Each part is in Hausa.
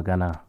Magana.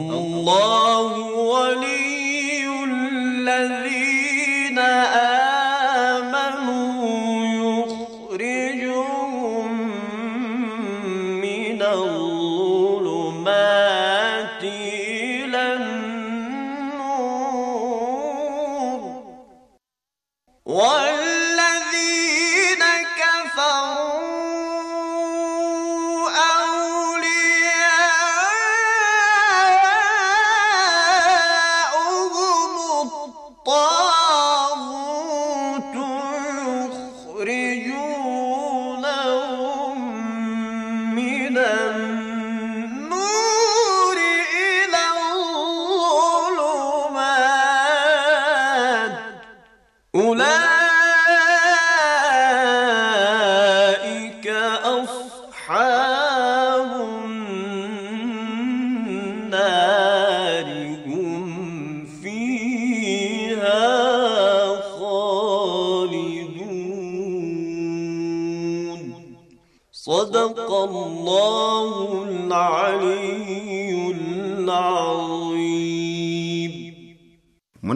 الله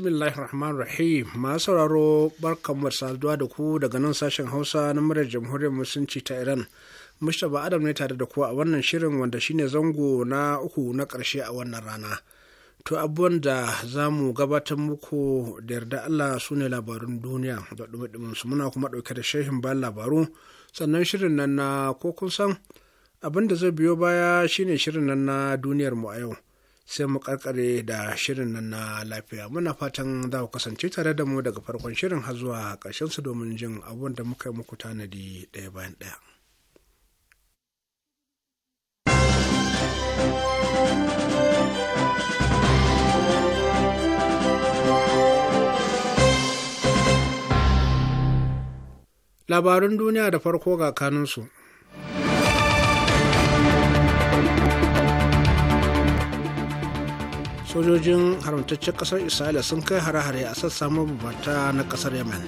bismillahir rahmanir rahim masu sauraro barkan saduwa da ku daga nan sashen hausa na murar jamhuriyar musulunci ta iran mustapha adam ne tare da ku a wannan shirin wanda shine zango na uku na karshe a wannan rana to abubuwan da za mu gabatar muku da yarda allah su ne labarun duniya da dumi su muna kuma ɗauke da shehin bayan labaru sannan shirin nan na ko san abin da zai biyo baya shine shirin nan na duniyar mu a yau sai mu karkare da shirin nan na lafiya muna fatan za ku kasance tare da mu daga farkon shirin har zuwa ƙarshen su domin jin abun da muka yi muku tanadi ɗaya bayan ɗaya. Labarun duniya da farko ga kanunsu. sojojin haramtaccen kasar isra'ila sun kai hare-hare a sassa mabubata na kasar yemen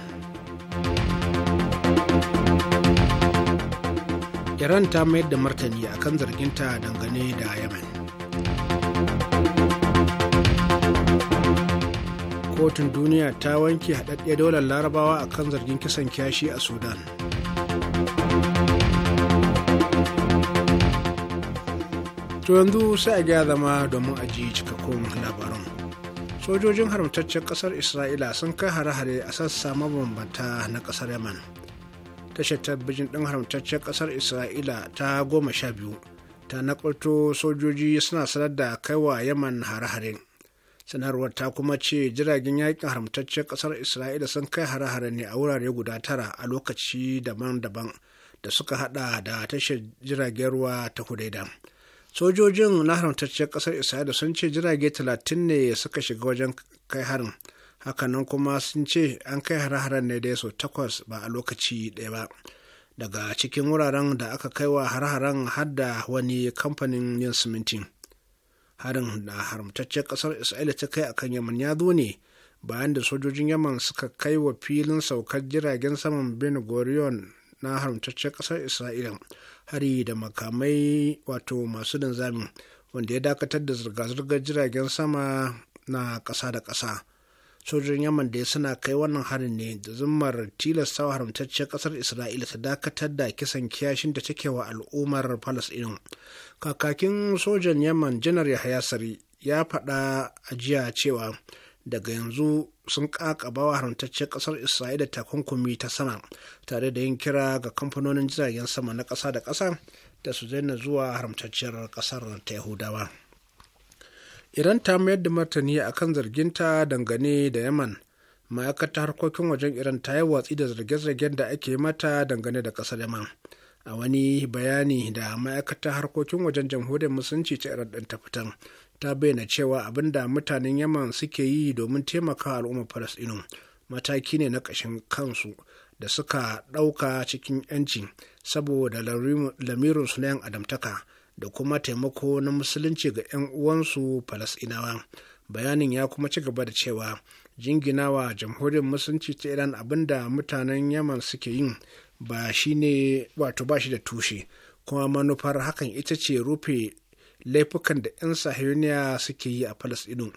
iran ta mayar da martani akan zarginta dangane da yemen kotun duniya ta wanke haɗaɗɗiyar dolar larabawa akan zargin kisan kyashi a sudan to yanzu sai a gya zama domin a ji cikakkun labarun sojojin haramtaccen kasar isra'ila sun kai hare-hare a sassa mabambanta na kasar yaman tashar tabbijin ɗin haramtaccen kasar isra'ila ta goma sha biyu ta nakwato sojoji suna sanar da kaiwa yaman hare-hare sanarwar ta kuma ce jiragen yakin haramtaccen kasar isra'ila sun kai hare-hare ne a wurare guda tara a lokaci daban-daban da suka hada da tashar jiragen ruwa ta hudaida. sojojin na haramtacciyar ƙasar isra'ila sun ce jirage talatin ne suka shiga wajen kai harin hakanan kuma sun ce an kai hare-haren ne da sau takwas ba a lokaci ɗaya ba daga cikin wuraren da aka kai wa hare-haren har da wani kamfanin yin siminti harin da haramtacciyar ƙasar isra'ila ta kai akan yaman ya zo ne bayan da sojojin yaman suka kai wa filin saukar jiragen saman ben gurion na haramtacciyar ƙasar isra'ila hari da makamai wato masu linzamin wanda ya dakatar da zirga-zirgar jiragen sama na ƙasa da ƙasa sojojin yaman da suna kai wannan harin ne da zummar tilastawa haramtacciyar ƙasar isra'ila ta dakatar da kisan kiyashin da take wa al'ummar palestine kakakin sojan yaman janar yahaya sari ya faɗa a jiya cewa daga yanzu sun kakaba wa haramtaccen kasar isra'ila takunkumi ta sama tare da yin kira ga kamfanonin jiragen sama na ƙasa da ƙasa da su zaina zuwa haramtacciyar ƙasar ta yahudawa iran ta mayar da martani a kan zarginta dangane da yaman ma'aikatar harkokin wajen iran ta yi watsi da zarge-zargen da ake mata dangane da ƙasar yaman a wani bayani da ma'aikatar harkokin wajen jamhuriyar musulunci ta iran ɗin ta fitar ta bayyana cewa abin da mutanen yaman suke yi domin taimaka al'ummar falasɗinu mataki ne na ƙashin kansu da suka ɗauka cikin 'yanci saboda lamirinsu na 'yan adamtaka da kuma taimako na musulunci ga 'yan uwansu falasɗinawa bayanin ya kuma ci gaba da cewa jinginawa jamhuriyar musulunci ta iran abin da mutanen yaman suke yin ba shi ne wato ba shi da tushe kuma manufar hakan ita ce rufe laifukan da 'yan sahiyoniya suke yi a falasɗinu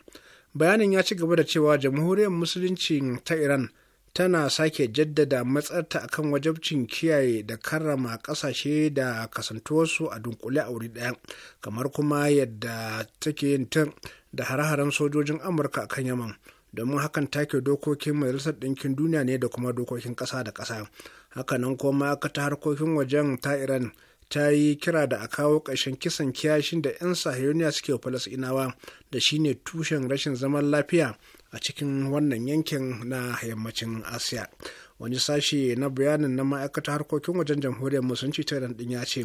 bayanin ya ci gaba da cewa jamhuriyar musulunci ta iran tana sake jaddada matsarta akan wajabcin kiyaye da karrama kasashe da kasantuwarsu a dunkule a wuri ɗaya kamar kuma yadda take yin tun da hare-haren sojojin amurka akan kan yaman domin hakan take dokokin majalisar ɗinkin duniya ne da kuma dokokin ƙasa da ƙasa hakanan kuma ta harkokin wajen ta iran ta yi kira da a kawo ƙarshen kisan kiyashin da 'yan sahiriniya suke falasinawa da shine tushen rashin zaman lafiya a cikin wannan yankin na yammacin asiya wani sashe na bayanin na ma'aikatar harkokin wajen jamhuriyar musulunci ta iran ya ce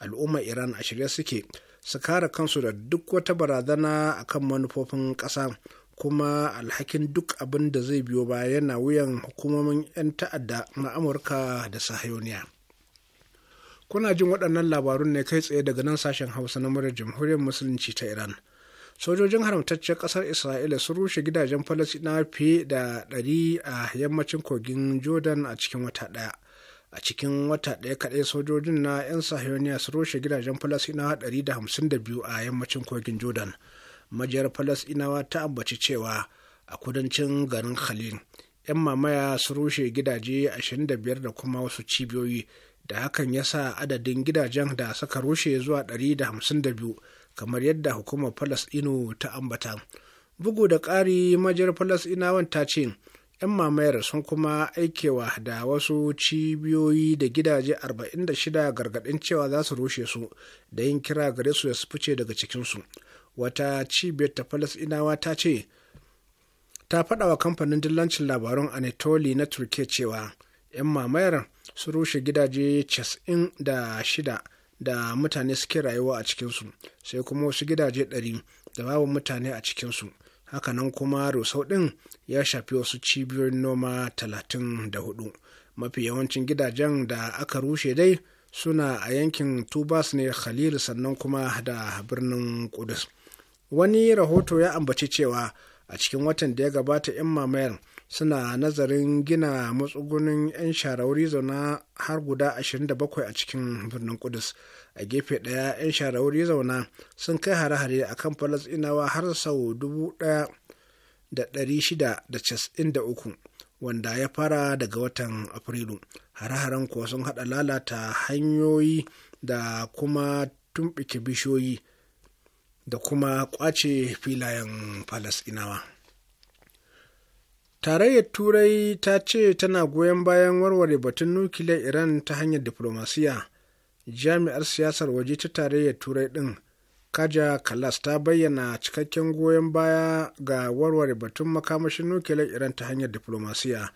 al'ummar iran a shirye suke su kare kansu da duk wata barazana a kan manufofin ƙasa kuma alhakin duk abin da zai biyo ba yana wuyan hukumomin 'yan ta'adda na amurka da sahayoniya Kuna jin waɗannan labarun ne kai tsaye daga nan sashen Hausa na murar Jamhuriyar Musulunci ta Iran. Sojojin haramtaccen ƙasar Isra'ila sun rushe gidajen falasina fiye da ɗari a yammacin kogin Jordan a cikin wata ɗaya. a cikin wata ɗaya kaɗai sojojin na 'yan sahiyoniya su rushe gidajen falasinawa 152 a yammacin kogin jordan majiyar falasinawa ta ambaci cewa a kudancin garin khalil 'yan mamaya sun rushe gidaje 25 da kuma wasu cibiyoyi da hakan ya sa adadin gidajen da suka rushe zuwa 152 kamar yadda hukumar falasɗinu ta ambata bugu da ƙari majiyar falasɗinawan ta ce 'yan mamayar sun kuma aikewa da wasu cibiyoyi da gidaje 46 gargadin cewa za su rushe su da yin kira gare su ya su fice daga cikinsu wata cibiyar ta falasɗinawa ta ce ta faɗa wa kamfanin dillancin labarun anatoli na Turke cewa 'yan mamayar su rushe gidaje 96 da shida da mutane suke rayuwa a cikinsu sai kuma wasu gidaje 100 da babu mutane a cikinsu hakanan kuma rusau din, ya shafi wasu cibiyoyin noma 34 mafi yawancin gidajen da aka rushe dai suna a yankin tubas ne khalil sannan kuma da birnin kudus wani rahoto ya ambaci cewa a cikin watan da ya gabata 'yan mamayar suna nazarin gina matsugunin 'yan sharauri zauna har guda 27 a cikin birnin kudus a gefe ɗaya 'yan sharauri zauna sun kai hare-hare a kan inawa har sau 1,693 wanda ya fara daga watan afrilu hare-haren kuwa sun haɗa lalata hanyoyi da kuma tumbiki bishiyoyi da kuma ƙwace filayen falasɗinawa Tarayyar Turai ta ce tana goyon bayan warware batun nukiliyar Iran ta hanyar diflomasiya. Jami'ar siyasar waje ta Tarayyar Turai ɗin, Kaja Kalas ta bayyana cikakken goyon baya ga warware batun makamashin nukiliyar Iran ta hanyar diflomasiya.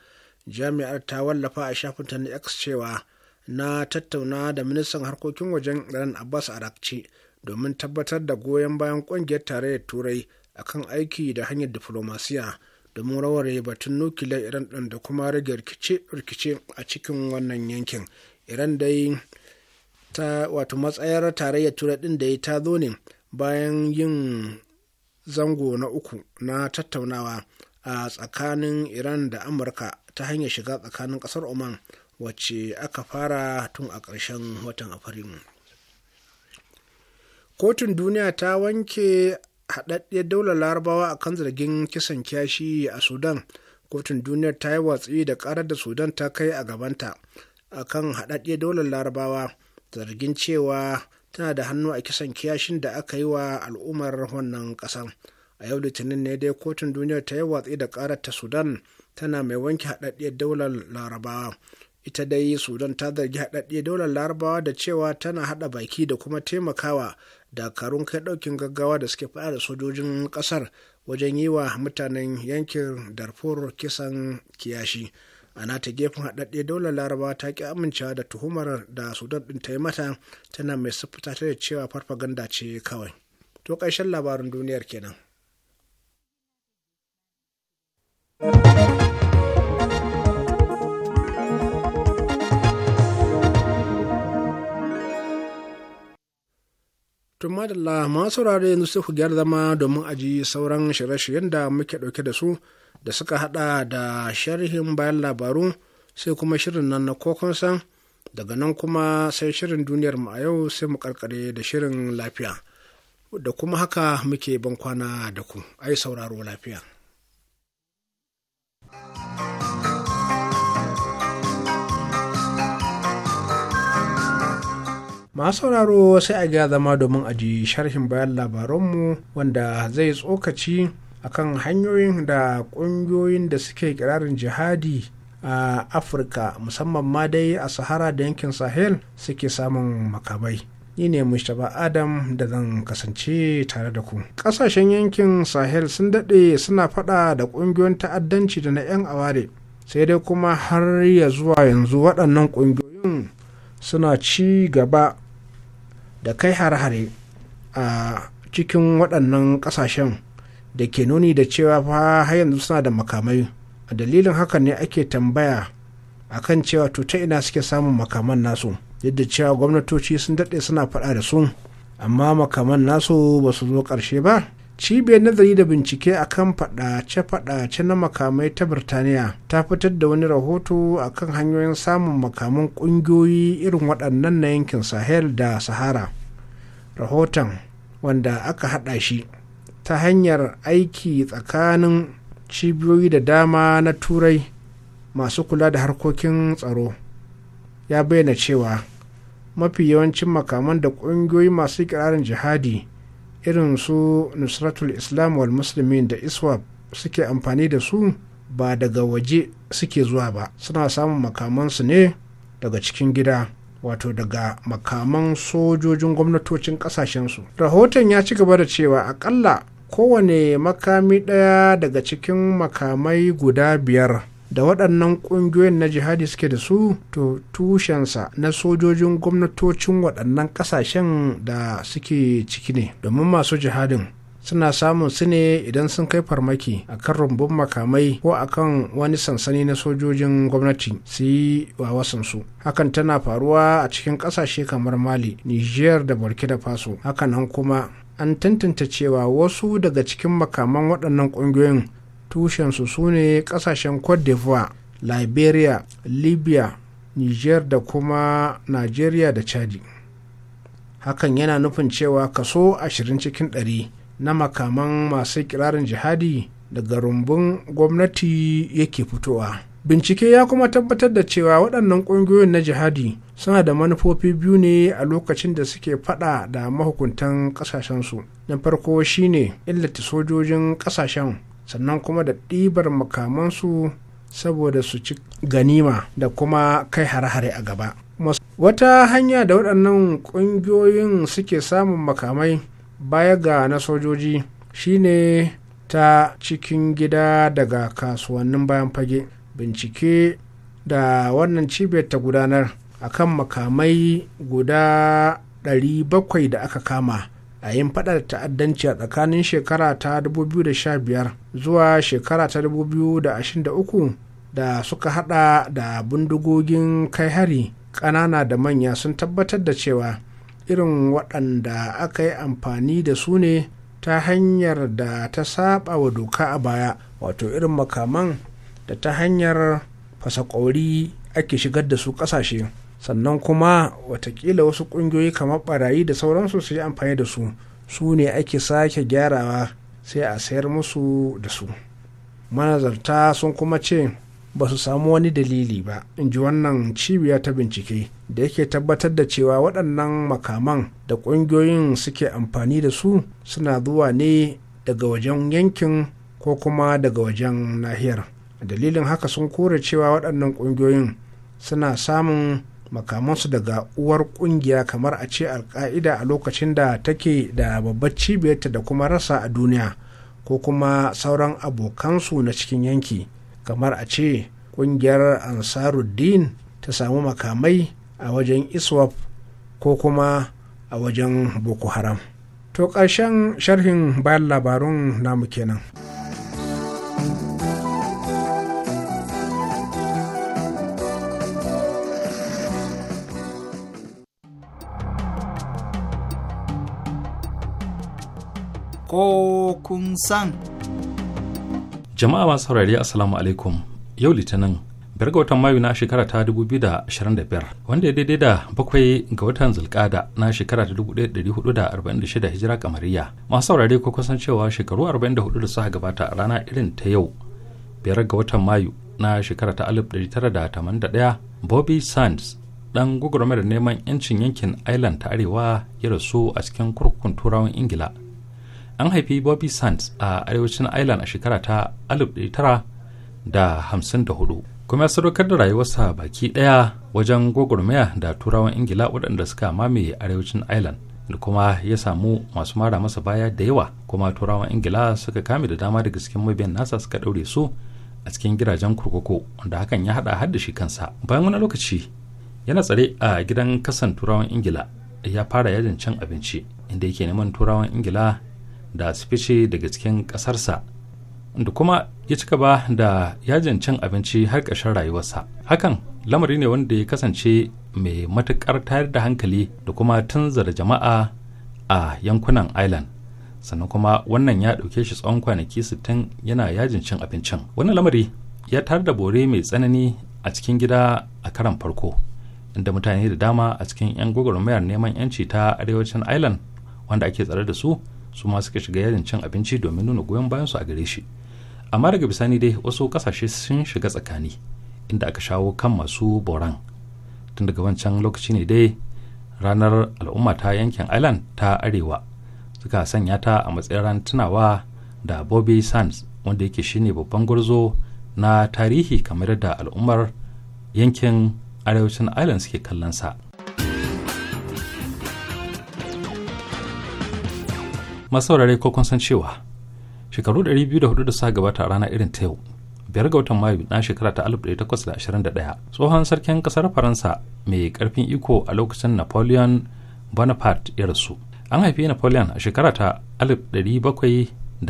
Jami'ar ta wallafa a shafinta na X cewa na tattauna da ministan harkokin wajen Iran Abbas Arakci domin tabbatar da goyon bayan ƙungiyar Tarayyar Turai akan aiki da hanyar diflomasiya. domin murawar batun nukiliyar iran ɗin da kuma rage rikice-rikice a cikin wannan yankin iran dai ta wato matsayar tarayyar turai ɗin da ya ta zo ne bayan yin zango na uku na tattaunawa a tsakanin iran da amurka ta hanyar shiga tsakanin ƙasar oman wacce aka fara tun a ƙarshen watan afrilu kotun duniya ta wanke haɗaɗɗiyar daular larabawa akan zargin kisan kyashi a sudan kotun duniyar ta yi watsi da karar da sudan ta kai a gabanta akan haɗaɗɗiyar daular larabawa zargin cewa tana da hannu a kisan kiyashin da aka yi wa al'ummar wannan ƙasan, a yau litinin ne dai kotun duniyar ta yi watsi da karar ta sudan tana mai wanke haɗaɗɗiyar daular larabawa ita dai sudan ta zargi haɗaɗɗiyar daular larabawa da cewa tana haɗa baki da kuma taimakawa dakarun kai ɗaukin gaggawa da suke faɗa da sojojin ƙasar wajen yi wa mutanen yankin darfur kisan kiyashi a nata gefen haɗaɗɗe daular laraba ta ƙi amincewa da tuhumar da sudan ɗin ta yi mata tana mai siffata ta da cewa farfaganda ce kawai to ƙarshen labarin duniyar kenan Tun madalla masu saurare yanzu sai ku gyara zama domin a ji sauran shirye-shiryen da muke ɗauke da su da suka haɗa da sharhin bayan labaru sai kuma shirin nan na kokon daga nan kuma sai shirin duniyar mu a yau sai mu karkare da shirin lafiya da kuma haka muke ban kwana da ku ai sauraro lafiya. masu sauraro sai a ga zama domin a ji sharhin bayan labaranmu wanda zai tsokaci akan hanyoyin da ƙungiyoyin da suke kirarin jihadi a afirka musamman ma dai a sahara da yankin sahel suke samun makamai ni ne mustapha adam da zan kasance tare da ku kasashen yankin sahel sun daɗe suna faɗa da ƙungiyoyin ta'addanci da na 'yan aware sai dai kuma har ya zuwa yanzu waɗannan ƙungiyoyin suna ci gaba da kai har-hare a cikin waɗannan ƙasashen da ke nuni da cewa fa har yanzu suna da makamai a dalilin hakan ne ake tambaya a kan cewa to ta ina suke samun makaman nasu yadda cewa gwamnatoci sun daɗe suna faɗa da su amma makaman nasu ba su zo ƙarshe ba cibiyar nazari da bincike akan fadace-fadace na makamai ta birtaniya ta fitar da wani rahoto a kan hanyoyin samun makaman ƙungiyoyi irin waɗannan na yankin sahel da sahara rahoton wanda aka haɗa shi ta hanyar aiki tsakanin cibiyoyi da dama na turai masu kula da harkokin tsaro ya bayyana cewa mafi yawancin makaman da ƙungiyoyi masu kirarin jihadi irin su nusratul islam wal muslimin da iswab suke amfani da su ba daga waje suke zuwa ba suna samun makamansu ne daga cikin gida wato daga makaman sojojin gwamnatocin kasashensu rahoton ya ci gaba da cewa akalla kowane makami ɗaya daga cikin makamai guda biyar da waɗannan ƙungiyoyin na jihadi suke da su to tushensa na sojojin gwamnatocin waɗannan ƙasashen da suke ciki ne domin masu jihadin suna samun su ne idan sun kai farmaki a kan rumbun makamai ko a kan wani sansani na sojojin gwamnati su yi wa wasansu hakan tana faruwa a cikin ƙasashe kamar mali niger da burkina faso hakanan kuma an tantance cewa wasu daga cikin makaman waɗannan ƙungiyoyin tushensu su ne kasashen cote d'ivoire liberia libya niger da kuma nigeria da chadi hakan yana nufin cewa kaso 20 cikin 100 na makaman masu kirarin jihadi daga rumbun gwamnati yake fitowa bincike ya kuma tabbatar da cewa waɗannan ƙungiyoyin na jihadi suna da manufofi biyu ne a lokacin da suke faɗa da mahukuntan ƙasashensu na farko shine illata sojojin ƙasashen sannan kuma da ɗibar makamansu saboda su ci ganima da kuma kai hare-hare a gaba wata hanya da waɗannan ƙungiyoyin suke samun makamai baya ga na sojoji shine ta cikin gida daga kasuwannin bayan fage bincike da wannan cibiyar ta gudanar a kan makamai guda 700 da aka kama a yin faɗar ta'addanci a tsakanin shekara ta 2015 zuwa shekara ta 2023 da suka hada da bindigogin kai hari ƙanana da manya sun tabbatar da cewa irin waɗanda aka yi amfani da su ne ta hanyar da ta saba wa doka a baya wato irin makaman da ta hanyar fasakori ake shigar da su ƙasashe. sannan kuma watakila wasu kungiyoyi kamar barayi da sauransu su yi amfani da su su ne ake sake gyarawa sai a sayar musu da su manazarta sun kuma ce ba su samu wani dalili ba in ji wannan cibiya ta bincike da yake tabbatar da cewa waɗannan makaman da ƙungiyoyin suke amfani da su suna zuwa ne daga wajen yankin ko kuma daga wajen nahiyar dalilin haka sun kore cewa waɗannan ƙungiyoyin suna samun makamansu daga uwar kungiya kamar a ce alka'ida a lokacin da take da babbar cibiyarta da kuma rasa a duniya ko kuma sauran abokansu na cikin yanki kamar a ce kungiyar ansaruddin ta samu makamai a wajen iswap ko kuma a wajen boko haram to ƙarshen sharhin bayan labarun namu kenan. ko kun san. Jama'a masu saurari Assalamu alaikum yau litinin biyar ga watan mayu na shekara ta 2025 wanda ya daidai da bakwai ga watan zulkada na shekara ta 1446 hijira kamariya masu saurari ko kusan cewa shekaru 44 da suka gabata a rana irin ta yau biyar ga watan mayu na shekara ta 1981 bobby sands dan gugurumar neman yancin yankin island ta arewa ya rasu a cikin kurkukun turawan ingila an haifi bobby sands a arewacin Island a shekara ta 1954 kuma ya sadaukar da rayuwarsa baki daya wajen gwagwarmaya da turawan ingila waɗanda suka mamaye arewacin Island. da kuma ya samu masu mara masa baya da yawa kuma turawan ingila suka kame da dama daga cikin mabiyan nasa suka ɗaure su a cikin gidajen kurkuku wanda hakan ya haɗa har da shi kansa bayan wani lokaci yana tsare a gidan kasan turawan ingila ya fara yajin cin abinci inda yake neman turawan ingila da su fice daga cikin ƙasarsa da kuma ya cika ba da yajin cin abinci har ƙarshen rayuwarsa hakan lamari ne wanda ya kasance mai matuƙar tayar da hankali da kuma tunzara jama'a a yankunan island sannan kuma wannan ya ɗauke shi tsawon kwanaki 60 yana yajin cin abincin wannan lamari ya tayar da bore mai tsanani a cikin gida a karan farko inda mutane da dama a cikin 'yan gwagwarmayar neman 'yanci ta arewacin island wanda ake tsare da su su ma suka shiga yajin cin abinci domin nuna goyon bayan su a gare shi amma daga bisani dai wasu kasashe sun shiga tsakani inda aka shawo kan masu boran tun daga wancan lokaci ne dai ranar al'umma ta yankin island ta arewa suka sanya ta a matsayin ran tunawa da bobby sands wanda yake shine babban gwarzo na tarihi kamar da al'ummar yankin arewacin island suke kallon sa masaurare ko kun san cewa shekaru 204 da suka gabata a rana irin ta yau biyar ga watan mayu na shekara ta 1821 tsohon sarkin kasar faransa mai karfin iko a lokacin napoleon bonaparte ya rasu an haifi napoleon a shekara ta 1769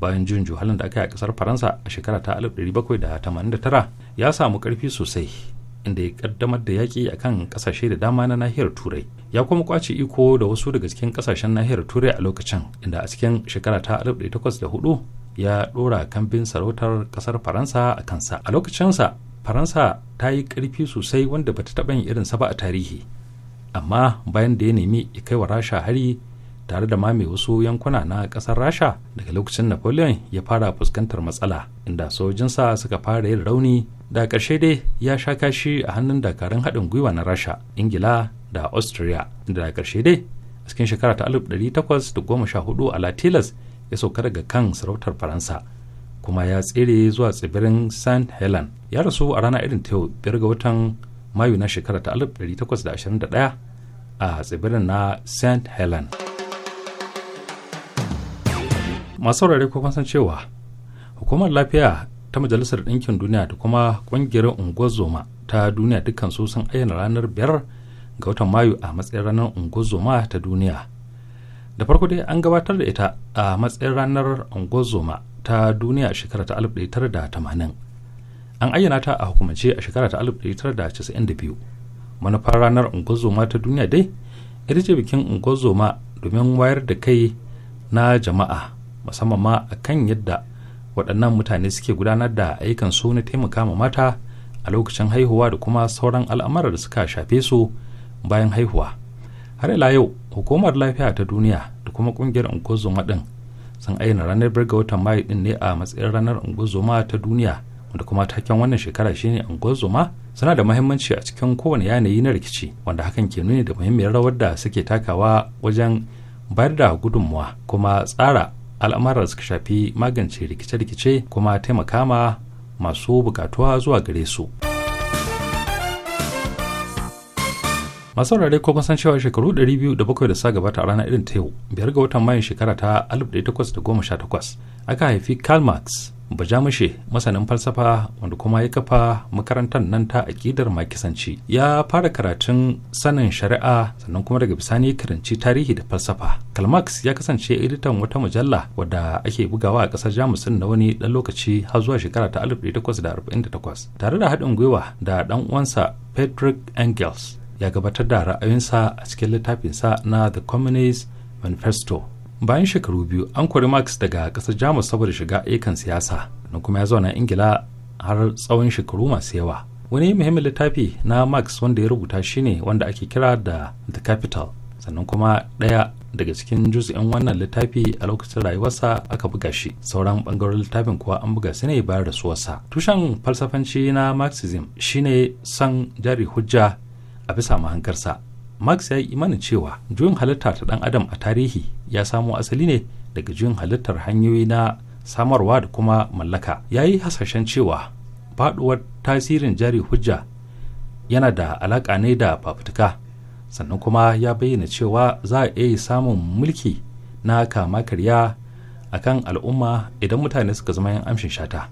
bayan juyin juhalin da aka yi a kasar faransa a shekara ta 1789 ya samu karfi sosai inda ya kaddamar da yaƙi a kan ƙasashe da dama na nahiyar turai ya kuma kwace iko da wasu daga cikin ƙasashen nahiyar turai a lokacin inda a cikin shekara ta hudu ya ɗora kambin sarautar ƙasar faransa a kansa a lokacinsa faransa ta yi ƙarfi sosai wanda bata taɓa yin irinsa ba a tarihi amma bayan da ya nemi ya kai wa rasha hari tare da ma mame wasu yankuna na ƙasar rasha daga lokacin napoleon ya fara fuskantar matsala inda sojinsa suka fara yin rauni da ƙarshe dai ya sha kashi a hannun dakarun haɗin gwiwa na rasha ingila da austria da ƙarshe dai a cikin shekara ta 1814 a latilas ya sauka daga kan sarautar faransa kuma ya tsere zuwa tsibirin st helen ya rasu a rana irin ta biyar ga watan mayu na shekara ta 1821 a tsibirin na st helen masu saurari kuma san cewa hukumar lafiya ta majalisar ɗinkin duniya da kuma ƙungiyar unguwar ta duniya dukkansu sun ayyana ranar biyar ga watan mayu a matsayin ranar unguwar ta duniya da farko dai an gabatar da ita a matsayin ranar unguwar ta duniya a shekara ta 1980 an ayyana ta a hukumance a shekara ta 1992 manufar ranar unguwar ta duniya dai ita ce bikin unguwar domin wayar da kai na jama'a musamman ma akan yadda waɗannan mutane suke gudanar da ayyukan su na taimaka ma mata a lokacin haihuwa da kuma sauran al'amuran da suka shafe su bayan haihuwa har ila yau hukumar lafiya ta duniya da kuma ƙungiyar ungozoma ɗin sun ayyana ranar birga watan mayu ɗin ne a matsayin ranar ungozoma ta duniya wanda kuma taken wannan shekara shine ungozoma suna da mahimmanci a cikin kowane yanayi na rikici wanda hakan ke nuni da muhimmiyar rawar da suke takawa wajen bayar da gudunmuwa kuma tsara al'amarar suka shafi magance rikice-rikice kuma taimaka ma masu bukatuwa zuwa gare su. masu rarrai ko kusan cewa shekaru 200 da sa gabata a ranar irin ta yau biyar ga watan mayan shekara ta 1818 aka haifi karl marx bajamushe masanin falsafa wanda kuma ya kafa makarantar nan ta akidar makisanci ya fara karatun sanin shari'a sannan kuma daga bisani karanci tarihi da falsafa karl ya kasance editan wata mujalla wadda ake bugawa a kasar jamus na wani dan lokaci har zuwa shekara ta 1848 tare da haɗin gwiwa da dan uwansa patrick engels ya gabatar da ra'ayinsa a cikin littafinsa na the communist manifesto bayan shekaru biyu an kori marx daga ƙasar jamus saboda shiga ayyukan siyasa na kuma ya zauna ingila har tsawon shekaru masu yawa wani muhimmin littafi na marx wanda ya rubuta shine wanda ake kira da the capital sannan kuma ɗaya daga cikin juzu'in wannan littafi a lokacin rayuwarsa aka buga shi sauran ɓangaren littafin kuwa an buga su ne bayar bayan rasuwarsa tushen falsafanci na marxism shine son jari hujja a bisa mahankarsa marx ya yi imanin cewa juyin halitta ta ɗan adam a tarihi ya samo asali ne daga jin halittar hanyoyi na samarwa da kuma mallaka ya yi hasashen cewa faduwar tasirin jari hujja yana da alaƙa ne da fafutuka sannan kuma ya bayyana cewa za a iya samun mulki na kama karya a kan al'umma idan mutane suka zama yan amshin shata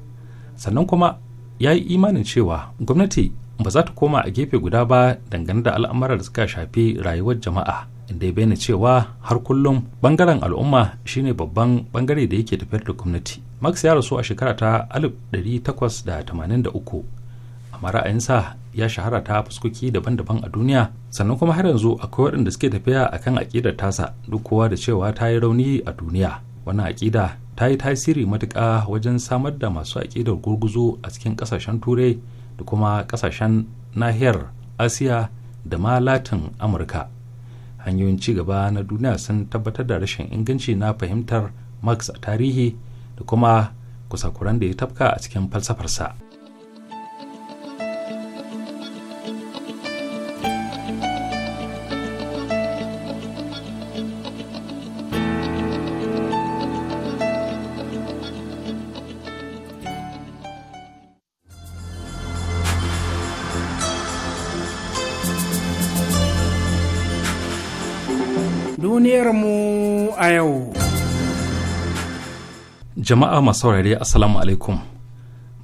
sannan kuma ya yi imanin cewa gwamnati ba za ta koma a gefe guda ba dangane da al'amuran da suka shafi rayuwar jama'a inda ya bayyana cewa har kullum bangaren al'umma shine babban bangare da yake tafiyar da gwamnati max ya rasu a shekara ta 1883 amma ra'ayinsa ya shahara ta fuskoki daban-daban a duniya sannan kuma har yanzu akwai waɗanda suke tafiya a kan aƙidar tasa duk kowa da cewa ta yi rauni a duniya wannan aƙida ta yi tasiri matuƙa wajen samar da masu aƙidar gurguzu a cikin ƙasashen turai da kuma ƙasashen nahiyar asiya da ma latin amurka hanyoyin ci gaba na duniya sun tabbatar da rashin inganci na fahimtar marx a tarihi da kuma kusakuran da ya tafka a cikin falsafarsa. yau. Jama'a masu saurare Assalamu alaikum.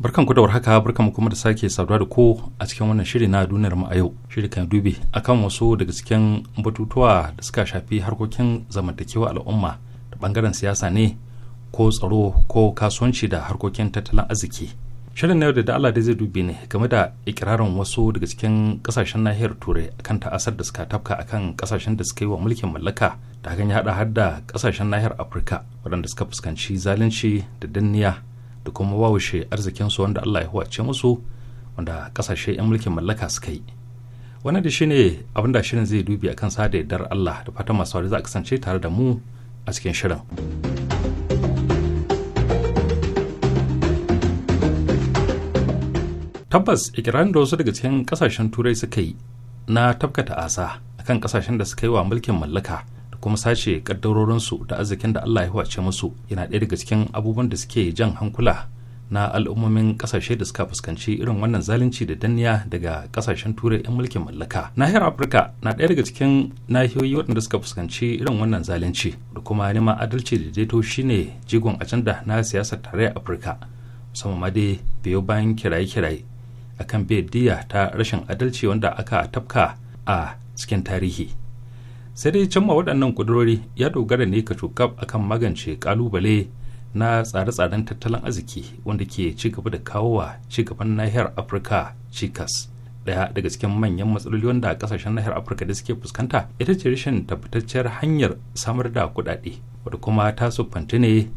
Barkan ku da warhaka barkan mu kuma da sake saduwa da ko a cikin wannan shiri na duniyar mu a yau. Shiri kan dubi akan wasu daga cikin batutuwa da suka shafi harkokin zamantakewa al'umma da bangaren siyasa ne ko tsaro ko kasuwanci da harkokin tattalin arziki. shirin na yau da Allah da zai dubi ne game da ikirarin wasu daga cikin kasashen nahiyar turai kan ta'asar da suka tafka akan kasashen da suka yi wa mulkin mallaka da hakan ya hada har da kasashen nahiyar afirka waɗanda suka fuskanci zalunci da danniya da kuma wawushe arzikinsu wanda Allah ya huwace musu wanda kasashe 'yan mulkin mallaka suka yi wannan da shine abin da shirin zai dubi akan sa da yardar Allah da fatan masu za a kasance tare da mu a cikin shirin. tabbas ikirarin da wasu daga cikin kasashen turai suka yi na tafkata asa akan kasashen da suka yi wa mulkin mallaka da kuma sace kaddarorinsu da arzikin da Allah ya wace musu yana ɗaya daga cikin abubuwan da suke jan hankula na al'ummomin kasashe da suka fuskanci irin wannan zalunci da danniya daga kasashen turai 'yan mulkin mallaka nahiyar afirka na ɗaya daga cikin nahiyoyi waɗanda suka fuskanci irin wannan zalunci da kuma neman adalci da shi shine jigon ajanda na siyasar tarayyar afirka musamman ma dai biyo bayan kiraye-kiraye akan bediya ta rashin adalci wanda aka tafka a cikin tarihi sai dai cimma waɗannan ƙudurori ya dogara ne ka cokab akan magance ƙalubale na tsare-tsaren tattalin arziki wanda ke ci gaba da kawo wa ci gaban nahiyar afirka cikas daya daga cikin manyan matsaloli wanda kasashen nahiyar afirka da suke fuskanta ita ce rashin tabbatacciyar hanyar samar da kuɗaɗe wadda kuma ta siffanti ne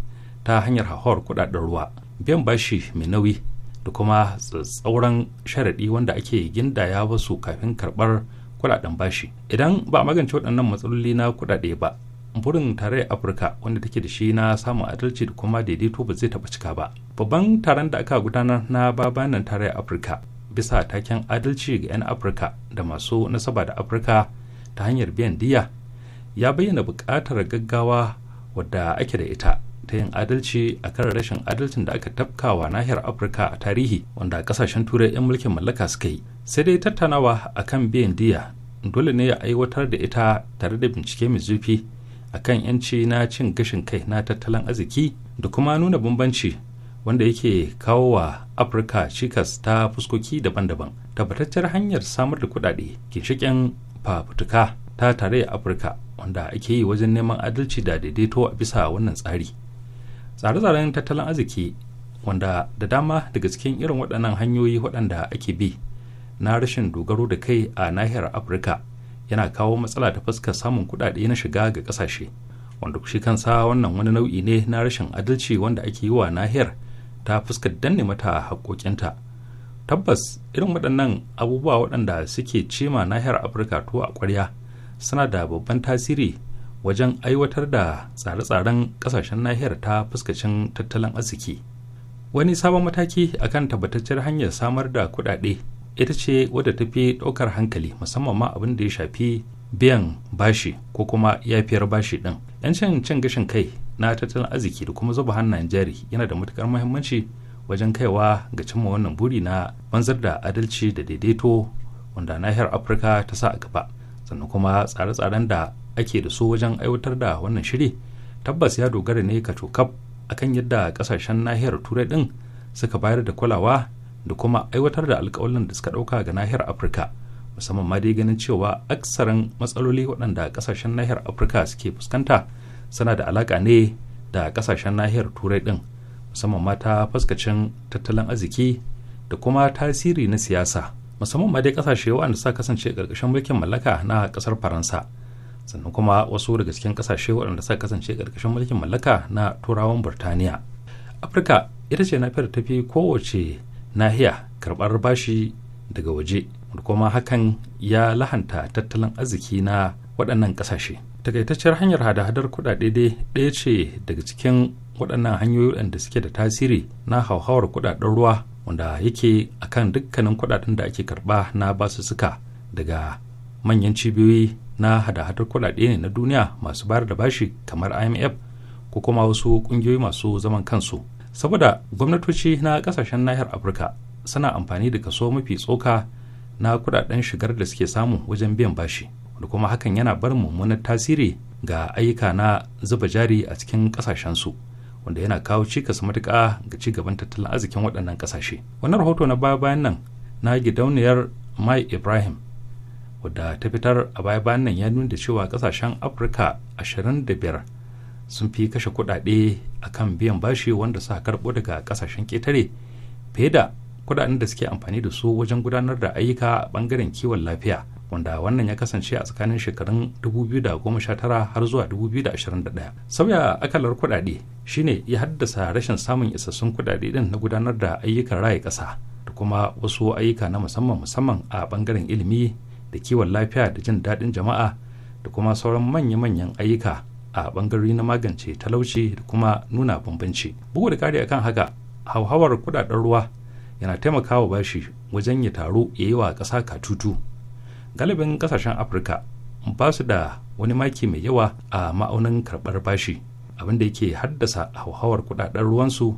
ta hanyar hauhawar kuɗaɗen ruwa biyan bashi mai nauyi da kuma tsauran sharaɗi wanda ake gindaya wasu kafin karɓar kuɗaɗen bashi idan ba a magance waɗannan matsaloli na kuɗaɗe ba burin tarayyar afirka wanda take da shi na samun adalci da kuma daidaito ba zai taɓa cika ba babban taron da aka gudanar na babanan tarayyar afirka bisa taken adalci ga 'yan afirka da masu nasaba da afirka ta hanyar biyan diya ya bayyana buƙatar gaggawa wadda ake da ita ta yin adalci a kan rashin adalcin da aka tafkawa nahiyar afirka a tarihi wanda kasashen turai 'yan mulkin mallaka suka yi sai dai tattaunawa a kan biyan diya dole ne ya aiwatar da ita tare da bincike mai zurfi a kan 'yanci na cin gashin kai na tattalin arziki da kuma nuna bambanci wanda yake kawo wa afirka cikas ta fuskoki daban-daban tabbataccen hanyar samar da kuɗaɗe ginshiƙin fafutuka ta tarayyar afirka wanda ake yi wajen neman adalci da daidaito a bisa wannan tsari tsare-tsaren tattalin arziki wanda da dama daga cikin irin waɗannan hanyoyi waɗanda ake bi na rashin dogaro da kai a nahiyar afirka yana kawo matsala ta fuskar samun kuɗaɗe na shiga ga ƙasashe wanda shi kansa wannan wani nau'i ne na rashin adalci wanda ake yi wa nahiyar ta fuskar danne mata haƙoƙinta tabbas irin waɗannan abubuwa waɗanda suke cema nahiyar afirka to a ƙwarya suna da babban tasiri wajen aiwatar da tsare-tsaren kasashen nahiyar ta fuskacin tattalin arziki wani sabon mataki akan tabbataccen hanyar samar da kudade ita ce wadda ta fi ɗaukar hankali musamman ma abin da ya shafi biyan bashi ko kuma yafiyar bashi ɗin yancin cin gashin kai na tattalin arziki da kuma zuba hannun jari yana da matukar muhimmanci wajen kaiwa ga cimma wannan buri na banzar da adalci da daidaito wanda nahiyar afirka ta sa a gaba sannan kuma tsare-tsaren da ake da su wajen aiwatar da wannan shiri tabbas ya dogara ne ka cokaf akan yadda kasashen nahiyar turai din suka bayar da kulawa da kuma aiwatar da alkawalin da suka dauka ga nahiyar afirka musamman ma dai ganin cewa aksarin matsaloli waɗanda kasashen nahiyar afirka suke fuskanta suna da alaka ne da kasashen nahiyar turai din musamman ma ta fuskacin tattalin arziki da kuma tasiri na siyasa musamman ma dai kasashe waɗanda suka kasance ƙarƙashin mulkin mallaka na ƙasar faransa sannan kuma wasu daga cikin kasashe waɗanda suka kasance ƙarƙashin mulkin mallaka na turawan burtaniya afirka ita ce nafiyar tafi kowace nahiya karɓar bashi daga waje kuma hakan ya lahanta tattalin arziki na waɗannan ƙasashe takaitacciyar hanyar hada-hadar kuɗaɗe dai ɗaya ce daga cikin waɗannan hanyoyi waɗanda suke da tasiri na hauhawar kuɗaɗen ruwa wanda yake akan dukkanin kuɗaɗen da ake karɓa na basussuka daga manyan cibiyoyi na hada-hadar kuɗaɗe ne na duniya masu bayar da bashi kamar imf ko kuma wasu ƙungiyoyi masu zaman kansu saboda gwamnatoci na kasashen nahiyar afirka suna amfani da kaso mafi tsoka na kuɗaɗen shigar da suke samu wajen biyan bashi da kuma hakan yana bar mummunan tasiri ga ayyuka na zuba jari a cikin ƙasashensu wanda yana kawo cikas matuƙa ga ci gaban tattalin arzikin waɗannan ƙasashe wannan rahoto na baya bayan nan na gidauniyar mai ibrahim wadda ta fitar a baya bayan nan ya nuna cewa kasashen afirka 25 sun fi kashe kudade a kan biyan bashi wanda suka karbo daga kasashen ketare fiye da kudaden da suke amfani da su wajen gudanar da ayyuka a bangaren kiwon lafiya wanda wannan ya kasance a tsakanin shekarun 2019 har zuwa 2021 sauya akalar kudade shine ya haddasa rashin samun isassun kudade din na gudanar da ayyukan raya kasa da kuma wasu ayyuka na musamman musamman a bangaren ilimi da kiwon lafiya da jin daɗin jama'a da kuma sauran manya-manyan ayyuka a ɓangare na magance talauci da kuma nuna bambanci bugu da kari akan haka hauhawar kudaden ruwa yana taimakawa bashi wajen ya taru ya yi wa ƙasa katutu galibin ƙasashen afirka ba su da wani maki mai yawa a ma'aunin karɓar bashi abin da yake haddasa hauhawar kudaden ruwansu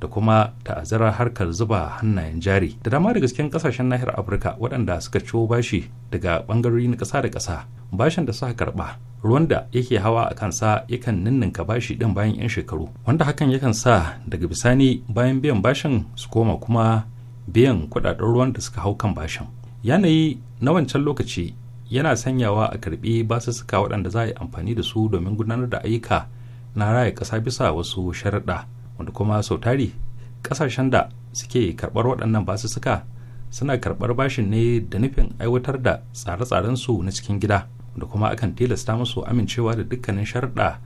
da kuma ta'azzara harkar zuba hannayen jari da dama da gasken kasashen nahiyar afirka waɗanda suka ciwo bashi daga ɓangarori na ƙasa da ƙasa bashin da suka karɓa ruwan da yake hawa a kansa yakan ninninka bashi ɗin bayan 'yan shekaru wanda hakan yakan sa daga bisani bayan biyan bashin su koma kuma biyan kuɗaɗen ruwan da suka hau kan bashin yanayi na wancan lokaci yana sanyawa a karɓi basussuka waɗanda za a yi amfani da su domin gudanar da ayyuka na raya ƙasa bisa wasu sharaɗa wanda kuma sau tari kasashen da suke karɓar waɗannan basussuka suna karɓar bashin ne da nufin aiwatar da tsare-tsarensu na cikin gida da kuma akan tilasta musu amincewa da dukkanin sharɗa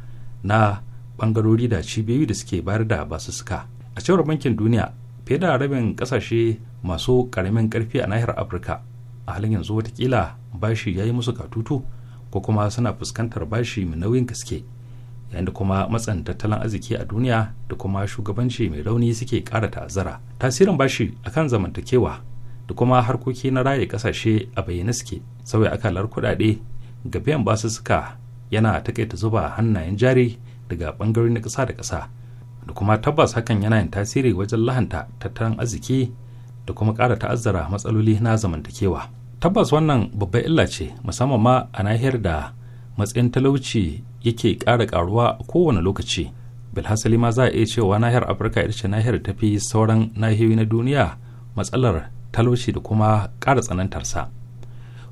na ɓangarori da cibiyoyi da suke bayar da basussuka a cewar bankin duniya fiye da rabin kasashe masu ƙaramin ƙarfi a nahiyar afirka a halin yanzu watakila bashi ya yi musu katutu ko kuma suna fuskantar bashi mai nauyin gaske yayin da kuma matsan tattalin arziki a duniya da kuma shugabanci mai rauni suke ƙara ta'azzara tasirin bashi akan zamantakewa da kuma harkoki na raye kasashe a bayyane suke sauya akalar kuɗaɗe ga biyan basu suka yana takaita zuba hannayen jari daga ɓangare na ƙasa da ƙasa da kuma tabbas hakan yana yin tasiri wajen lahanta tattalin arziki da kuma ƙara ta'azzara matsaloli na zamantakewa tabbas wannan babbar illa ce musamman ma a nahiyar da matsayin talauci yake ƙara ƙaruwa a kowane lokaci bilhassali ma za a iya cewa nahiyar afirka ita ce nahiyar ta fi sauran nahiyoyi na duniya matsalar talauci da kuma ƙara tsanantarsa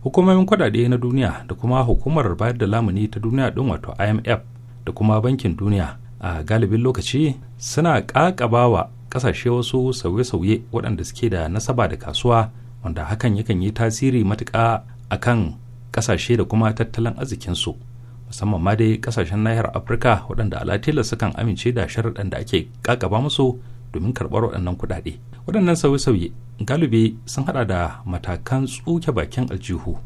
hukumomin kwadade na duniya da kuma hukumar bayar da lamuni ta duniya ɗin wato imf da kuma bankin duniya a galibin lokaci suna ƙaƙabawa ƙasashe wasu sauye-sauye waɗanda suke da nasaba da kasuwa wanda hakan yakan yi tasiri matuƙa akan ƙasashe da kuma tattalin arzikinsu. musamman ma dai kasashen nahiyar afirka waɗanda alatila sukan amince da sharaɗan da ake kakaba musu domin karɓar waɗannan kuɗaɗe waɗannan sauye-sauye galibi sun haɗa da matakan tsuke bakin aljihu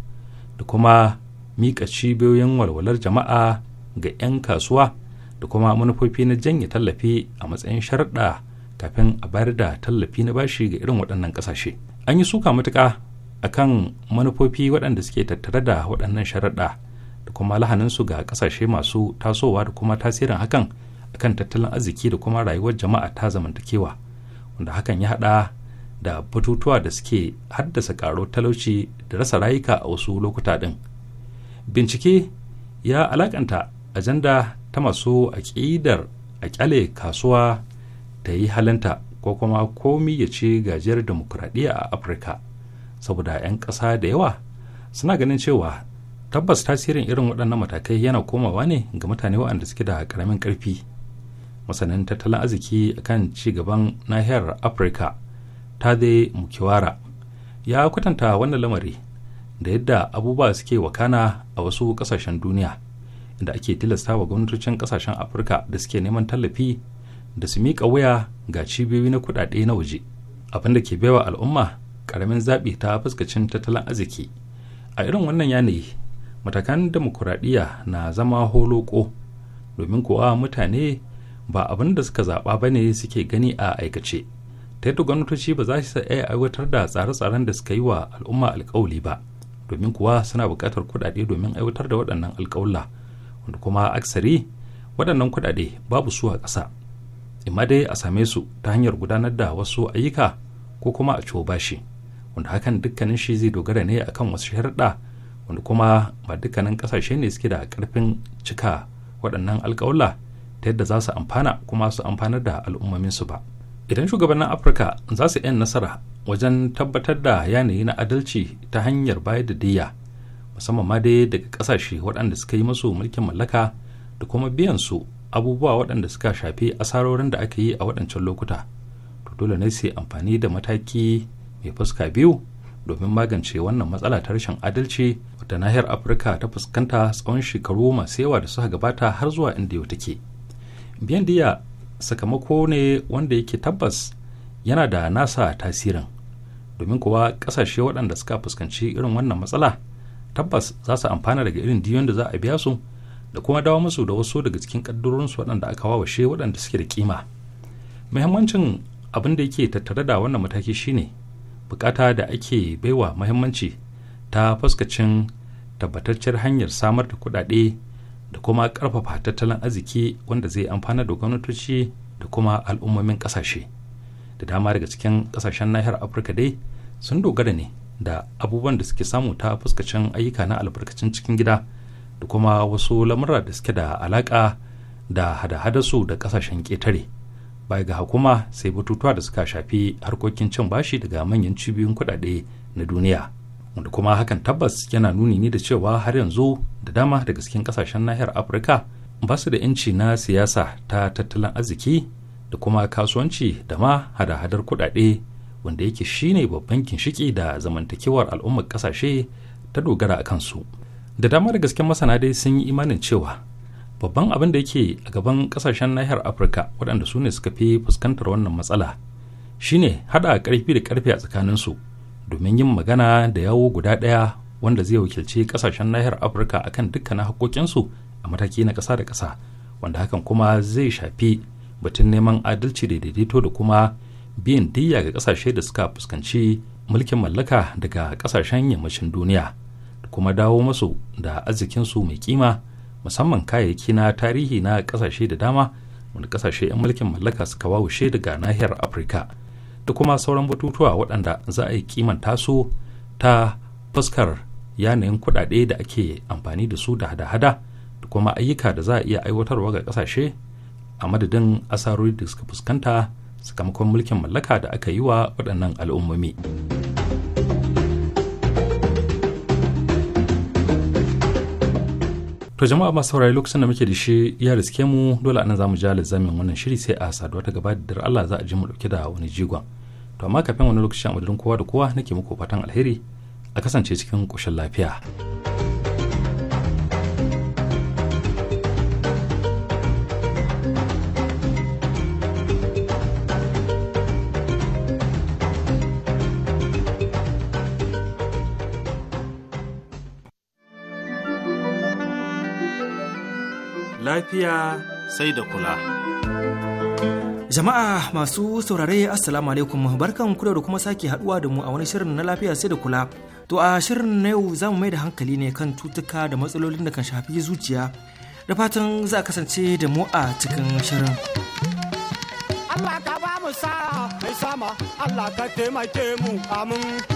da kuma miƙa cibiyoyin walwalar jama'a ga 'yan kasuwa da kuma manufofi na janye tallafi a matsayin sharaɗa kafin a bayar da tallafi na bashi ga irin waɗannan ƙasashe an yi suka matuƙa akan manufofi waɗanda suke tattare da waɗannan sharaɗa da kuma lahaninsu ga kasashe masu tasowa da kuma tasirin hakan akan tattalin arziki da kuma rayuwar jama'a ta zamantakewa wanda hakan ya haɗa da batutuwa da suke haddasa karo talauci da rasa rayuka a wasu lokuta ɗin bincike ya alakanta ajanda ta masu aƙidar a kyale kasuwa ta yi halinta ko kuma komi ya ce gajiyar demokuraɗiyya a afirka saboda 'yan ƙasa da yawa suna ganin cewa tabbas tasirin irin waɗannan matakai yana komawa ne ga mutane waɗanda suke da ƙaramin ƙarfi masanin tattalin arziki akan ci gaban nahiyar afirka ta dai mukiwara ya kwatanta wannan lamari da yadda abubuwa suke wakana a wasu ƙasashen duniya inda ake tilasta wa gwamnatocin ƙasashen afirka da suke neman tallafi da su miƙa wuya ga cibiyoyi na kuɗaɗe na waje abin da ke baiwa al'umma ƙaramin zaɓi ta fuskacin tattalin arziki a irin wannan yanayi matakan demokuraɗiyya na zama holoko domin kuwa mutane ba abin da suka zaɓa ba ne suke gani a aikace ta yadda gwamnatoci ba za su iya aiwatar da tsare-tsaren da suka yi wa al'umma alkawali ba domin kuwa suna buƙatar kuɗaɗe domin aiwatar da waɗannan alƙawla wanda kuma aksari waɗannan kuɗaɗe babu su a ƙasa imma dai a same su ta hanyar gudanar da wasu ayyuka ko kuma a ciwo bashi wanda hakan dukkanin shi zai dogara ne akan wasu sharaɗa wanda kuma ba dukkanin kasashe ne suke da karfin cika waɗannan alkawalla ta yadda za su amfana kuma su amfanar da su ba idan shugabannin afirka za su yan nasara wajen tabbatar da yanayi na adalci ta hanyar bayar da diya musamman ma dai daga kasashe waɗanda suka yi musu mulkin mallaka da kuma biyan su abubuwa waɗanda suka shafi asarorin da aka yi a waɗancan lokuta to dole ne su amfani da mataki mai fuska biyu domin magance wannan matsala ta rashin adalci da nahiyar afirka ta fuskanta tsawon shekaru masu yawa da suka gabata har zuwa inda yau take biyan diya sakamako ne wanda yake tabbas yana da nasa tasirin domin kuwa kasashe waɗanda suka fuskanci irin wannan matsala tabbas za su amfana daga irin diyon da za a biya su da kuma dawo musu da wasu daga cikin ƙaddarorinsu waɗanda aka wawashe waɗanda suke da kima muhimmancin abin da yake tattare da wannan mataki shine bukata da ake baiwa mahimmanci ta fuskacin tabbataccen hanyar samar da kuɗaɗe da kuma ƙarfafa tattalin arziki wanda zai amfana da gwamnatoci da kuma al'ummomin ƙasashe da dama daga cikin ƙasashen nahiyar afirka dai sun dogara ne da abubuwan da suke samu ta fuskacin ayyuka na albarkacin cikin gida da kuma wasu lamura da suke da alaƙa da hada-hada su da ƙasashen ƙetare bai ga hukuma sai batutuwa da suka shafi harkokin cin bashi daga manyan cibiyoyin kuɗaɗe na duniya wanda kuma hakan tabbas yana nuni ne da cewa har yanzu da dama daga cikin kasashen nahiyar afirka ba su da yanci na siyasa ta tattalin arziki da kuma kasuwanci da ma hada-hadar kuɗaɗe wanda yake shine babban ginshiki da zamantakewar al'ummar kasashe ta dogara a kansu da dama da gaske masana dai sun yi imanin cewa babban abin da yake a gaban kasashen nahiyar afirka waɗanda su ne suka fi fuskantar wannan matsala shine haɗa karfi da karfi a tsakaninsu domin yin magana da yawo guda ɗaya wanda zai wakilci kasashen nahiyar afirka akan dukkanin haƙoƙinsu a mataki na ƙasa da ƙasa wanda hakan kuma zai shafi batun neman adalci da daidaito da kuma biyan diyya ga kasashe da suka fuskanci mulkin mallaka daga kasashen yammacin duniya da kuma dawo masu da arzikinsu mai kima musamman kayayyaki na tarihi na kasashe da dama wanda kasashe 'yan mulkin mallaka suka wawushe daga nahiyar afirka da kuma sauran batutuwa waɗanda za a yi kimanta su ta fuskar yanayin kuɗaɗe da ake amfani da su da hada-hada da kuma ayyuka da za a iya aiwatarwa ga kasashe a madadin asarori da suka fuskanta sakamakon mulkin mallaka da aka yi wa waɗannan al'ummomi. to jama'a masu saurari lokacin da muke da shi ya riske mu dole anan zamu ja lizamin wannan shiri sai a saduwa ta gaba da Allah za a ji mu dauke da wani jigon to amma kafin wani lokacin a madadin kowa da kowa nake muku fatan alheri a kasance cikin koshin lafiya. lafiya sai da kula. Jama'a masu saurare Assalamu alaikum barkan kuda da kuma sake haduwa da mu a wani shirin na lafiya sai da kula. To a shirin na yau za mu mai da hankali ne kan cutuka da matsalolin da kan shafi zuciya. Da fatan za a kasance da mu a cikin shirin. Allah ka ba mu sa mai sama Allah ka taimake mu amin.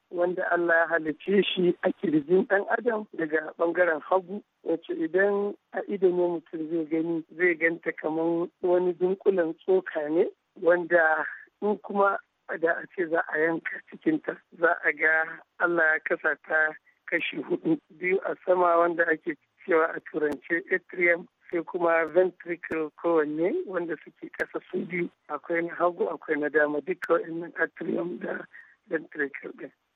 wanda Allah ya halice shi a kirjin ɗan adam daga ɓangaren hagu Wace idan a idanu mutum zai gani zai ganta kamar wani dunkulen tsoka ne wanda in kuma da a ce za a yanka cikinta za a ga Allah ya kasa ta kashi hudu biyu a sama wanda ake cewa a turance atrium sai kuma ventricle kowanne wanda suke kasa su biyu akwai na hagu akwai na dama duka wa'annan atrium da ventricle din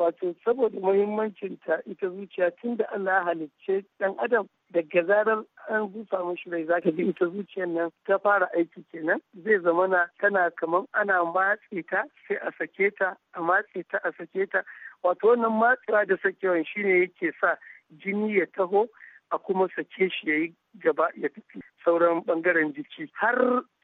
wato saboda ta ita zuciya tun da Allah ya halicce dan adam daga zarar an busa mashi rai zaka ji ita zuciyar nan ta fara aiki kenan zai zama na tana kamar ana matse ta sai a sake ta a matse ta a sake ta wato wannan matsewa da sakewan shine yake sa jini ya taho a kuma sake shi ya yi gaba ya tafi sauran bangaren jiki har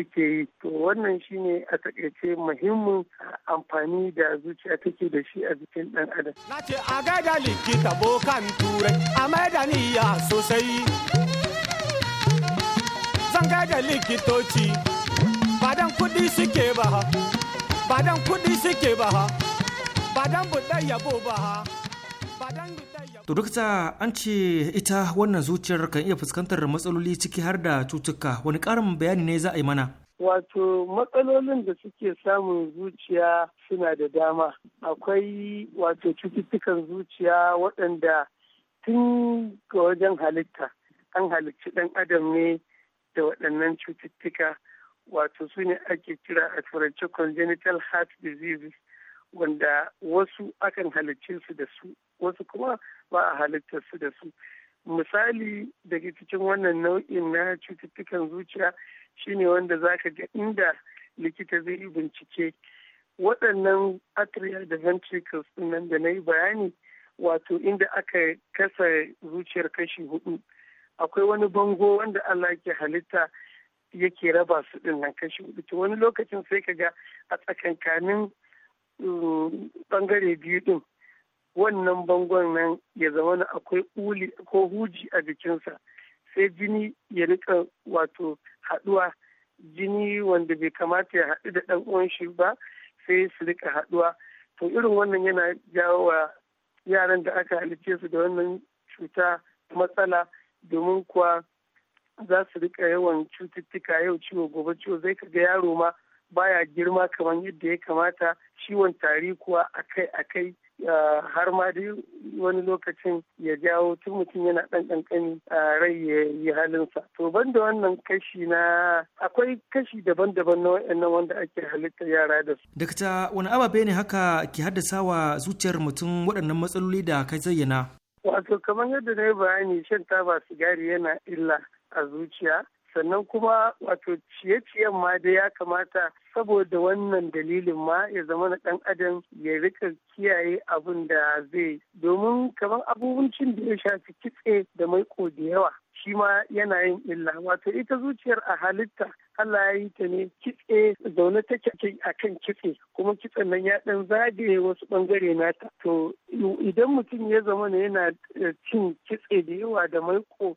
suke yi to wannan shine a takaice muhimmin amfani da zuciya take da shi a jikin dan adam na ce a gaida likita bokan turai a maida sosai zan gaida likitoci badan kudi suke ba badan kudi suke ba badan buɗe yabo ba To duk an ce ita wannan zuciyar kan iya fuskantar matsaloli ciki har da cutuka wani karin bayani ne za a yi mana. Wato matsalolin da suke samun zuciya suna da dama. Akwai wato cututtukan zuciya waɗanda tun ga wajen halitta an halicci ɗan adam ne da waɗannan cututtuka wato su ne ake kira a turance congenital heart disease wanda wasu akan halicce su da su wasu kuma ba a halittar su da su misali daga cikin wannan nau'in na cututtukan zuciya shine wanda zaka ga inda likita zai yi bincike waɗannan atrial da ventricles nan da na yi bayani wato inda aka kasa zuciyar kashi hudu akwai wani bango wanda Allah ke halitta yake raba su din nan kashi hudu to wani lokacin sai ka ga a tsakankanin bangare um, biyu din wannan bangon nan ya zama na akwai uli ko huji a jikinsa sai jini ya rika wato haduwa jini wanda bai kamata ya haɗu da ɗan uwan shi ba sai su rika haduwa to irin wannan yana jawo wa yaran da aka halice su da wannan cuta matsala domin kuwa za su rika yawan cututtuka yau ciwo gobe ciwo zai ka ga yaro ma baya girma kamar yadda ya kamata ciwon tari kuwa akai akai har ma dai wani lokacin ya jawo tun mutum yana ɗan a rai ya yi halinsa. To ban da wannan kashi na akwai kashi daban-daban na wa'annan wanda ake halitta yara da su. Dakta wani ababe ne haka ke haddasa wa zuciyar mutum waɗannan matsaloli da ka zayyana? Wato kamar yadda na yi bayani shan taba sigari yana illa a zuciya sannan kuma wato ciye-ciyen ma dai ya kamata saboda wannan dalilin ma ya zama na ɗan adam ya rika kiyaye abin da zai domin kamar cin da ya shafi kitse da maiko da yawa shi ma yana yin illa wato ita zuciyar a halitta Allah ya yi ta ne kitse zaune ta take a kan kitse kuma kitsen nan ya dan zagaye wasu bangare nata to idan mutum ya zama yana eh, cin kitse da yawa da maiko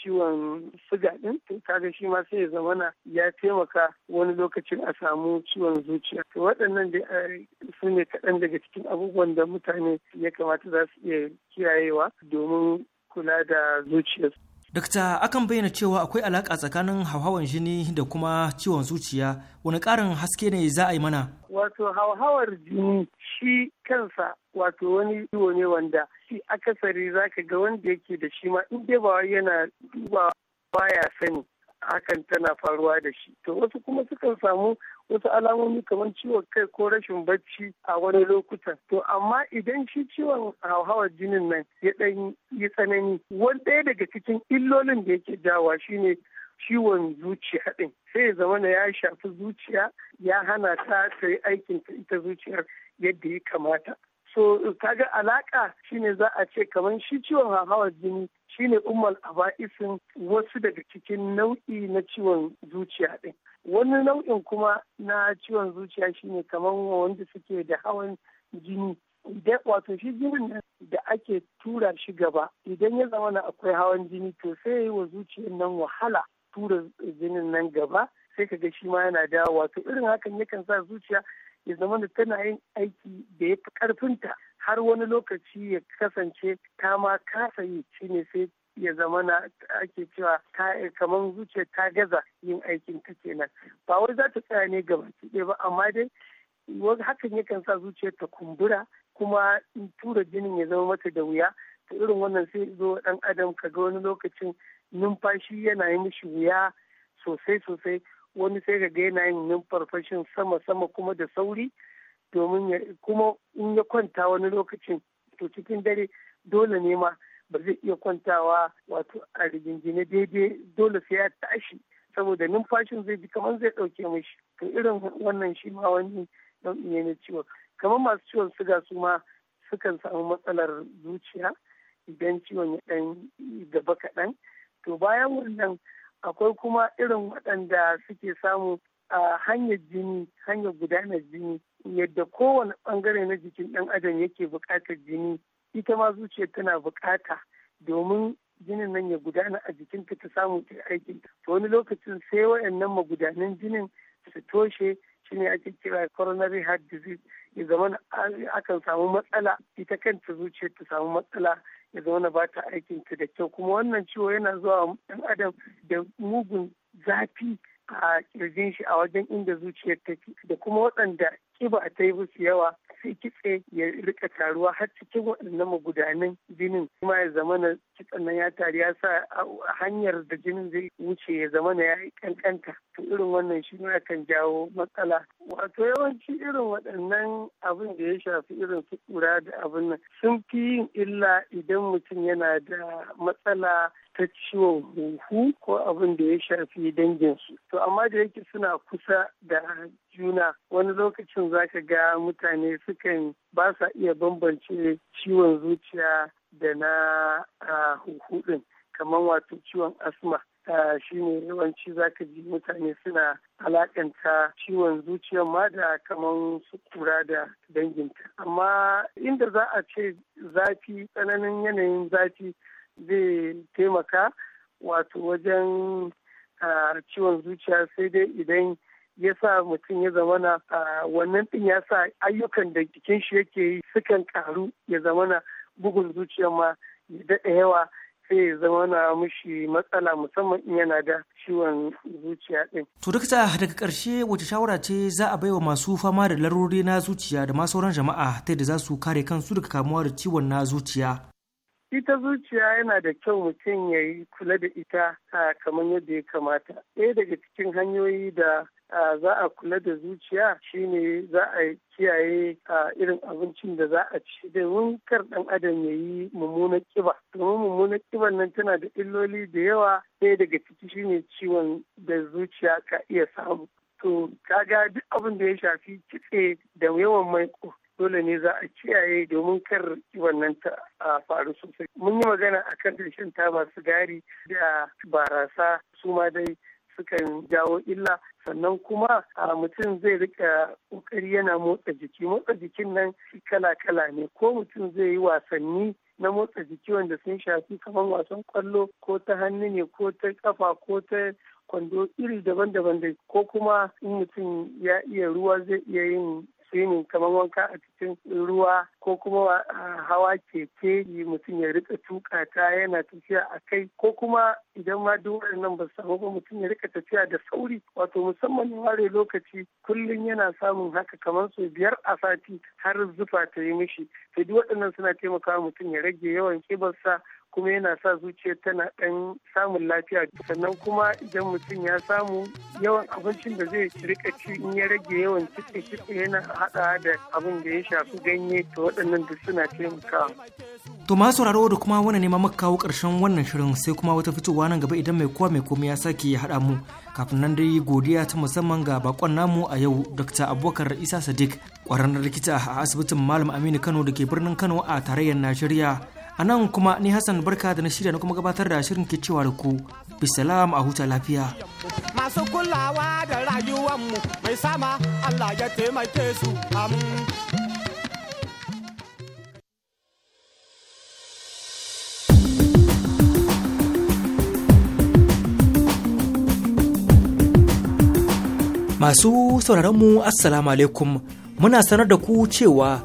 ciwon suga din to kaga shi ma sai ya zamana ya taimaka wani lokacin a samu ciwon zuciya to waɗannan da su ne kaɗan daga cikin abubuwan da mutane ya kamata za su iya kiyayewa domin kula da zuciyarsu Dakta akan bayyana cewa akwai alaƙa tsakanin hauhawar jini da kuma ciwon zuciya wani ƙarin haske ne za a yi mana. Wato hauhawar jini shi kansa wato wani ciwo ne wanda shi akasari ka ga wanda yake da shi ma in dai ba yana duba baya sani hakan tana faruwa da shi to wasu kuma sukan samu wasu alamomi kamar ciwon kai ko rashin bacci a wani lokuta. to amma idan shi ciwon hauhawar jinin nan ya ɗan yi tsanani wani ɗaya daga cikin illolin da yake jawa shine ciwon zuciya din. sai ya zama ya shafi zuciya ya hana ta ta yi aikin ta ita zuciyar yadda ya kamata so kaga alaka shine za a ce kamar shi ciwon hauhawar jini shine ummal aba'isin wasu daga cikin nau'i na ciwon zuciya ɗin wani nau'in kuma na ciwon zuciya shine kamar wanda suke da hawan jini wato shi jinin da ake tura shi gaba idan ya zama na akwai hawan jini to sai ya yi wa zuciyar nan wahala tura jinin nan gaba sai ka ga shi ma yana dawo wato irin hakan yakan sa zuciya ya zama da tana yin aiki da ya fi karfinta har wani lokaci ya kasance ta ma kasa yi shine sai ya zama na ake cewa ta kamar zuciya ta gaza yin aikin ta kenan ba wai za ta tsaya ne gaba ɗaya ba amma dai hakan yakan sa zuciya ta kumbura kuma tura jinin ya zama mata da wuya ta irin wannan sai zo dan adam ka ga wani lokacin numfashi yana yi mishi wuya sosai sosai wani sai ga yana yin numfashin sama sama kuma da sauri domin ya kuma in ya kwanta wani lokacin to cikin dare dole ne ma ba zai iya kwantawa wato a rigingine daidai dole sai ya tashi saboda numfashin zai ji kamar zai dauke mishi to irin wannan shi ma wani nau'i ne na ciwon kamar masu ciwon suga su ma sukan samu matsalar zuciya idan ciwon ya dan gaba kaɗan to bayan wannan akwai kuma irin waɗanda suke samu hanyar jini hanyar gudanar jini yadda kowane bangare na jikin ɗan adam yake buƙatar jini ita ma zuciya tana bukata domin jinin nan ya gudana a jikinta ta samu ta aikin to wani lokacin sai wayannan magudanan jinin su toshe shine ake kira coronary heart disease ya zama akan samu matsala ita kanta zuciyar ta samu matsala ya zama ba ta aikin ta da kyau kuma wannan ciwo yana zuwa ɗan adam da mugun zafi a kirjin shi a wajen inda zuciyar take da kuma waɗanda kiba ta yi musu yawa sai kitse ya rika taruwa har cikin waɗannan magudanan jinin kuma ya zama kitsan nan ya tari ya sa a hanyar da jinin zai wuce ya zama na ya yi kankanta to irin wannan shi ne kan jawo matsala wato yawanci irin waɗannan abin da ya shafi irin su kura da abin nan sun fi yin illa idan mutum yana da matsala ta ciwon huhu ko abin da ya shafi danginsu. To amma da yake suna kusa da juna wani lokacin zaka ga mutane sukan ba sa iya bambance ciwon zuciya da na huhudin kamar wato ciwon asma shi ne yawanci zaka ji mutane suna alakanta ciwon zuciyar ma da kamar su kura da danginta amma inda za a ce zafi tsananin yanayin zafi zai taimaka wato wajen ciwon zuciya sai dai idan ya sa mutum ya zamana wannan ɗin ya sa ayyukan da jikin shi yake yi sukan karu ya zamana bugun zuciya ma ya daɗa yawa sai ya zama na mushi matsala musamman in yana da ciwon zuciya ɗin. To dakta daga ƙarshe wace shawara ce za a bai wa masu fama da larurori na zuciya da ma sauran jama'a ta yadda za su kare kansu daga kamuwa da ciwon na zuciya? ita zuciya yana da kyau mutum ya yi kula da ita ah, kamar yadda ya kamata ɗaya daga cikin hanyoyi da za a kula da zuciya shine za a kiyaye irin abincin da za a ci domin kar ɗan adam ya yi mummunan kiba domin mummunan kiban nan tana da illoli da yawa ɗaya daga ciki shine ciwon da zuciya ka iya samu to kaga duk abin da ya shafi kitse da yawan maiko dole ne za a kiyaye domin kar nan ta faru sosai mun yi magana akan shan taba sigari da barasa su ma dai sukan jawo illa sannan kuma a mutum zai rika kokari yana motsa jiki motsa jikin nan kala kala ne ko mutum zai yi wasanni na motsa jiki wanda sun shafi kamar wasan kwallo ko ta hannu ne ko ta kafa ko ta kwando iri daban-daban da ko kuma in mutum ya iya ruwa zai iya yin shine kamar wanka a cikin ruwa ko kuma hawa keke mutum ya rika tuka ta yana tafiya a kai ko kuma idan ma duk waɗannan ba samu ba mutum ya rika tafiya da sauri wato musamman ware lokaci kullum yana samun haka kamar sau biyar a sati har zufa ta yi mishi sai duk waɗannan suna taimakawa mutum ya rage yawan kibarsa kuma yana sa zuciya tana ɗan samun lafiya sannan kuma idan mutum ya samu yawan abincin da zai rika ci in ya rage yawan kitse kitse yana haɗa da abin da ya shafi ganye to waɗannan duk suna taimakawa. to ma sauraro da kuma wani neman maka kawo ƙarshen wannan shirin sai kuma wata fitowa nan gaba idan mai kowa mai komai ya sake ya haɗa mu kafin nan dai godiya ta musamman ga bakon namu a yau dr abubakar isa sadiq ƙwararren likita a asibitin malam aminu kano da ke birnin kano a tarayyar najeriya A nan kuma ni Hassan barka da na shirya na kuma gabatar da shirin ke cewa da ku bisalam a huta lafiya. Masu kulawa da rayuwanmu mai sama Allah ya taimake su Masu sauraronmu Assalamu alaikum muna sanar da ku cewa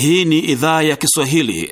Hii ni idhaa ya Kiswahili